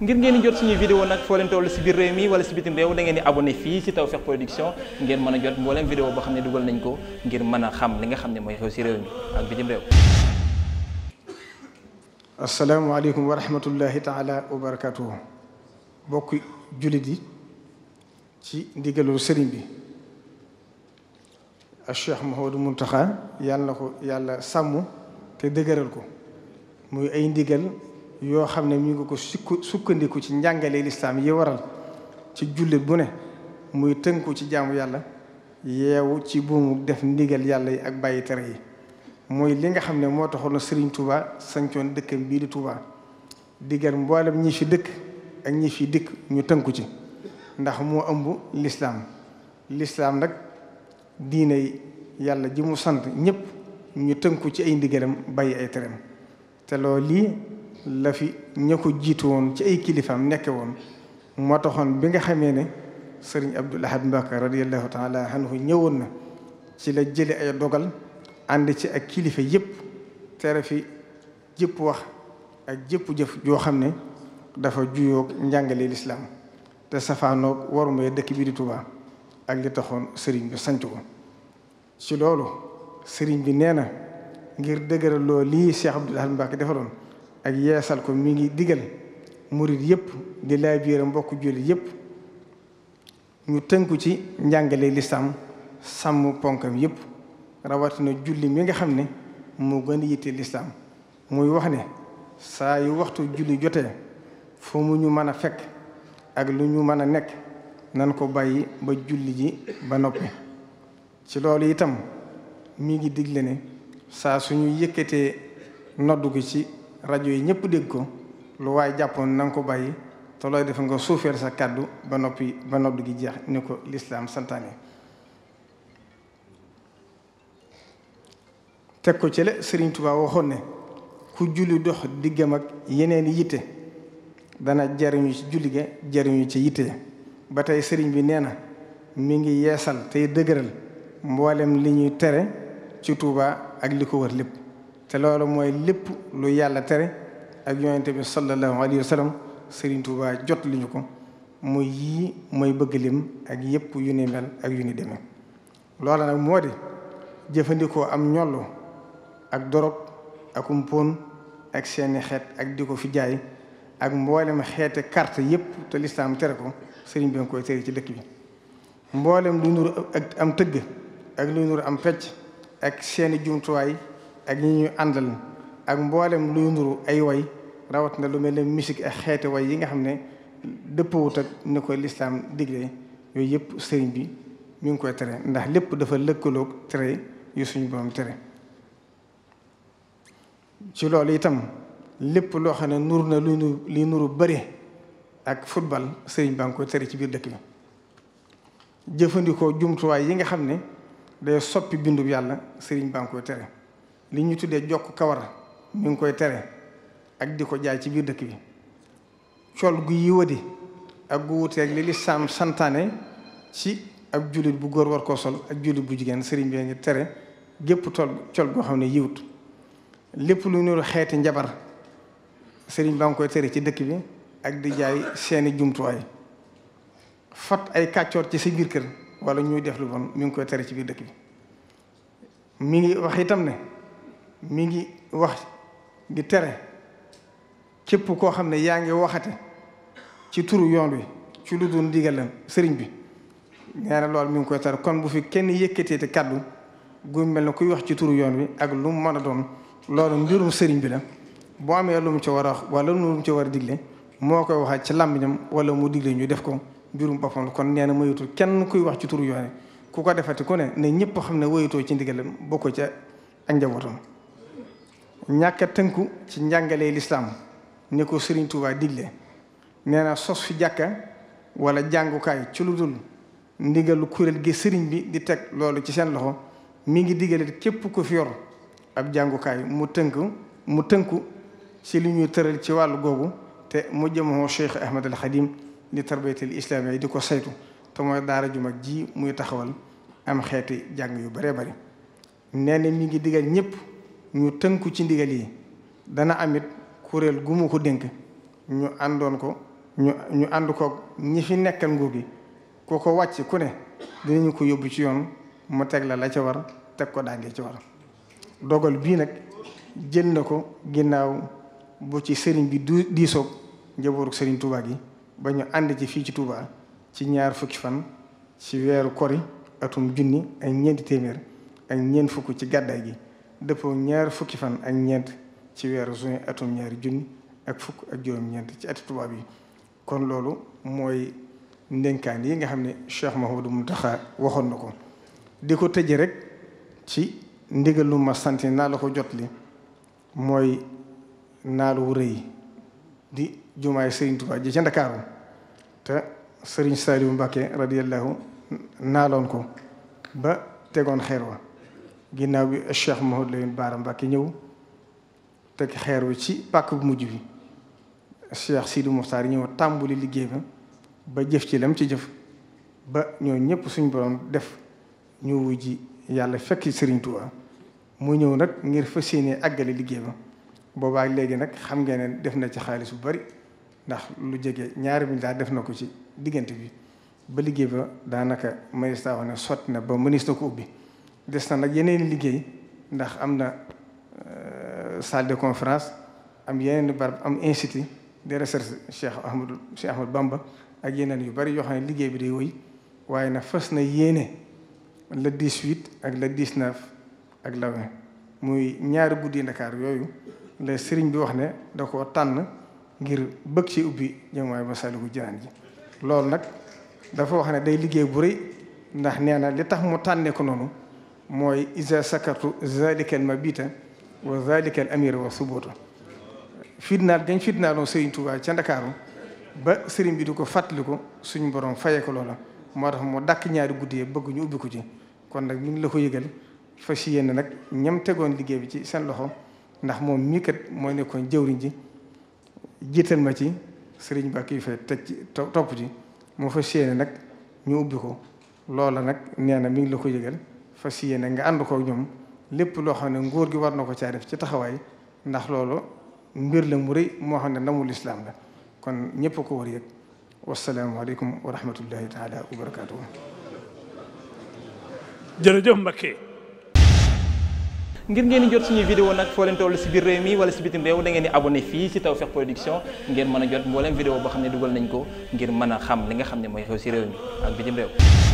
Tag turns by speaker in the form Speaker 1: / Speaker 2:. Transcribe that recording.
Speaker 1: ngir ngeen jot jot suñuy vidéo nag foo leen toll si biir réew mi wala si bitim réew da ngeen di abonné fii si Tawfekh Production ngeen mën a jot mbooleem vidéo boo xam ne dugal nañ ko ngir mën a xam li nga xam ne mooy xew si réew mi ak bitim réew asalaamaaleykum wa rahmatullahi taala wa barakatuhu bokk jullit yi ci ndigalul sëriñ bi ak Cheikh Mouhamadou Mountakha yàlla ko yàlla sàmm te dëgëral ko muy ay ndigal yoo xam ne mi ngi ko sukk sukkandiku ci njàngale lislaam yi waral ci jullit bu ne muy tënku ci jaamu yàlla yeewu ci buumu def ndigal yàlla yi ak bàyyi tere yi mooy li nga xam ne moo taxoon sëriñ Touba sancoon dëkkam bii di Touba digal mboolem ñi fi dëkk ak ñi fi dikk ñu tënku ci ndax moo ëmb lislaam lislaam nag diine yàlla ji mu sant ñëpp ñu tënku ci ay ndigalam bàyyi ay tereem te loolu lii la fi ña woon ci ay kilifaam nekke woon moo taxoon bi nga xamee ne sëriñ Abdul Ahad Mbacké radiyallahu taala anhu ñëwoon na ci la jële ay dogal ànd ci ak kilifa yëpp tere fi jëpp wax ak jëpp jëf joo xam ne dafa juyoog njàngale lislaam te safaanoog warumee dëkk bi di Tuubaa ak li taxoon sëriñ bi sanc ko ci loolu sëriñ bi nee na ngir dëgëral loo lii Cheikh Abdul Ahad Mbacké defaloon ak yeesal ko mi ngi digal murit yëpp di laay biir mbokk jullit yëpp ñu tënku ci njàngale lislaam sàmm ponkam yëpp rawatina julli mi nga xam ne moo gën a yitte lislaam muy wax ne saa yu waxtu julli jotee fu mu ñu mën a fekk ak lu ñu mën a nekk nan ko bàyyi ba julli ji ba noppi ci loolu itam mi ngi digle ne saa suñu yëkkatee noddu gi ci rajo yi ñëpp dégg ko lu waaye jàppoon na ko bàyyi te looy def nga suufeel sa kàddu ba noppi ba noppi gi jeex ni ko lislaam santaane teg ko ci la Sëriñ Tuubaa waxoon ne ku julli dox diggam ak yeneen yitte dana jariñu ci julli ga jariñu ci yitte ba tey sëriñ bi nee na mi ngi yeesal tey dëgëral mboolem li ñuy tere ci Tuubaa ak li ko wër lépp te loolu mooy lépp lu yàlla tere ak yonente bi sallallahu alayhi wa sallam Serigne jot li ñu ko muy yii mooy bëgg lim ak yëpp yu ni mel ak yu ni demee loola nag moo di jëfandikoo am ñollu ak dorog ak umpon ak seeni xeet ak di ko fi jaay ak mboolem xeete kart yëpp te lislaam tere ko sëriñ bi nga koy tere ci dëkk bi mboolem lu nuru ak am tëgg ak lu nuru am fecc ak seeni jumtuwaay ak ñi ñuy àndal ak mboolem luy nduru ay way rawat na lu mel ne musique ak xeeti way yi nga xam ne dëppawut ak ni ko lislaam digle yooyu yëpp sëriñ bi mi ngi koy tere ndax lépp dafa lëkkalook tere yu suñu borom tere ci loolu itam lépp loo xam ne nur na lu li nuru bëri ak football sëriñ baa ngi koy tere ci biir dëkk bi jëfandikoo jumtuwaay yi nga xam ne day soppi bindu yàlla sëriñ baa ngi koy tere li ñu tuddee jokk kawar mi ngi koy tere ak di ko jaay ci biir dëkk bi col gu yiwadi ak gu wuteeg li lislaam santaane ci ak jullit bu góor war koo sol ak jullit bu jigéen sëriñ bi ngi tere gépp tol col goo xam ne yiwut lépp lu nuru xeeti njabar sëriñ baa ngi koy tere ci dëkk bi ak di jaay seeni jumtuwaay fat ay kàccoor ci si biir kër wala ñuy def lu bon mi ngi koy tere ci biir dëkk bi mi ngi wax itam ne mi ngi wax di tere cépp koo xam ne yaa ngi waxate ci turu yoon wi ci lu dul ndigalam sëriñ bi nee na loolu mi ngi koy tar kon bu fi kenn yëkkatee te kàddu gu mel ne kuy wax ci turu yoon wi ak lu mu mën a doon loolu mbirum sëriñ bi la boo amee lu mu ci war a wax wala lu mu ci war a digle moo koy waxaat ci làmmiñam wala mu digle ñu def ko mbirum boppam kon nee na mayatul kenn kuy wax ci turu yoon wi ku ko defati ku ne ne ñëpp xam ne wayatoo ci ndigalam bokk ca ak njabootam ñàkk a tënku ci njàngale lislaam ni ko Serigne Touba digle nee na sos fi jàkka wala jàngukaay ci lu dul ndigalu kuréel gi sëriñ bi di teg loolu ci seen loxo mi ngi digale képp ko fi yor ab jàngukaay mu tënk mu tënku ci li ñuy tëral ci wàll googu te mu jëmoo Cheikh Ahmed al Khadim li islaam yi di ko saytu te mooy daara ju mag ji muy taxawal am xeeti jàng yu bare bari nee na mi ngi digal ñëpp. ñu tënku ci ndigal yi dana amit kuréel gu ko dénk ñu àndoon ko ñu ñu ànd ko ñi fi nekkal nguur gi ku ko wàcc ku ne dinañu ko yóbbu ci yoon mu teg la la ca war teg ko daangee ci war dogal bii nag jël na ko ginnaaw bu ci sëriñ bi du diisoog njabootu sëriñ Touba gi ba ñu ànd ci fii ci Touba ci ñaar fukki fan ci weeru kori atum junni ak ñeenti téeméer ak ñeent fukk ci gàddaay gi dëppoo ñaar fukki fan ak ñeent ci weer juin atum ñaari junni ak fukk ak juróom-ñeent ci ati tubaab yi kon loolu mooy ndénkaan yi nga xam ne Cheikh mu Mountakha waxoon na ko di ko tëje rek ci ndigal lu ma sant naa la ko jot li mooy naalu wu rëy di jumaay Serigne Touba ji ca Ndakaaru te Serigne Saliou Mbacké radiyallahu naaloon ko ba tegoon xeer wa ginnaaw bi Cheikh Mouhamadou Lamine Bara Mbacké ñëw teg xeer wi ci pàkk bu mujj bi Cheikh Sidou Mokhtar ñëw tàmbuli liggéey ba ba jëf ci lam ci jëf ba ñoo ñëpp suñ borom def ñu wujji yàlla fekk sëriñtuwa Touba mu ñëw nag ngir fas yéene àggale liggéey ba boobaa léegi nag xam ngeen ne def na ci xaalis bu bari ndax lu jege ñaari milliards def na ko ci diggante bi ba liggéey ba daanaka ministre wax ne sotti na ba ministre ko ubbi des na nag yeneen liggéey ndax am na euh, salle de conférence am yeneen barab am institut de recherche Cheikh Ahmadou Cheikh Ahmadou Bamba ak yeneen yu bari yoo xam ne liggéey bi day wëy waaye na fës na yéene le 18 ak le 19 ak le muy ñaari guddi Ndakaar yooyu la sëriñ bi wax ne da koo tànn ngir bëgg ci ubbi jamaay Masaalikul Jinaan ji loolu nag dafa wax ne day liggéey bu rëy ndax nee na li tax mu tànnee ko noonu mooy isa sakartu zalika al mabita wa zalika al amira wa subuta fitnaal gañ fitnaaloon Serigne Touba ca Ndakaaru ba sëriñ bi di ko fàttali ko suñu borom faye ko loola moo tax moo dakk ñaari guddi yi bëgg ñu ubbi ko ci kon nag mi ngi la ko yëgal fas yéene nag ñam tegoon liggéey bi ci seen loxo ndax moom mii kat nekkoon jëwriñ ji jiital ma ci Serigne Ba kii fay teg ci topp ci moo fas nag ñu ubbi ko loola nag nee na mi ngi la ko yëgal. si yéene nga ànd kook ñoom lépp loo xam ne nguur gi war na ko caa def ci taxawaay ndax loolu mbir la mu rëy moo xam ne ndamul lislaam la kon ñëpp ko war yëg wasalaamualeykum wa rahmatullahi taala wa barakatuhu jërëjëf Mbacké ngir ngeen di jot suñuy vidéo nag foo leen toll si biir mi wala si bitim réew da ngeen di abonné fii taw Tawfekh Production ngeen mën a jot mbooleem vidéo boo xam ne dugal nañ ko ngir mën a xam li nga xam ne mooy xew si réew mi ak bitim réew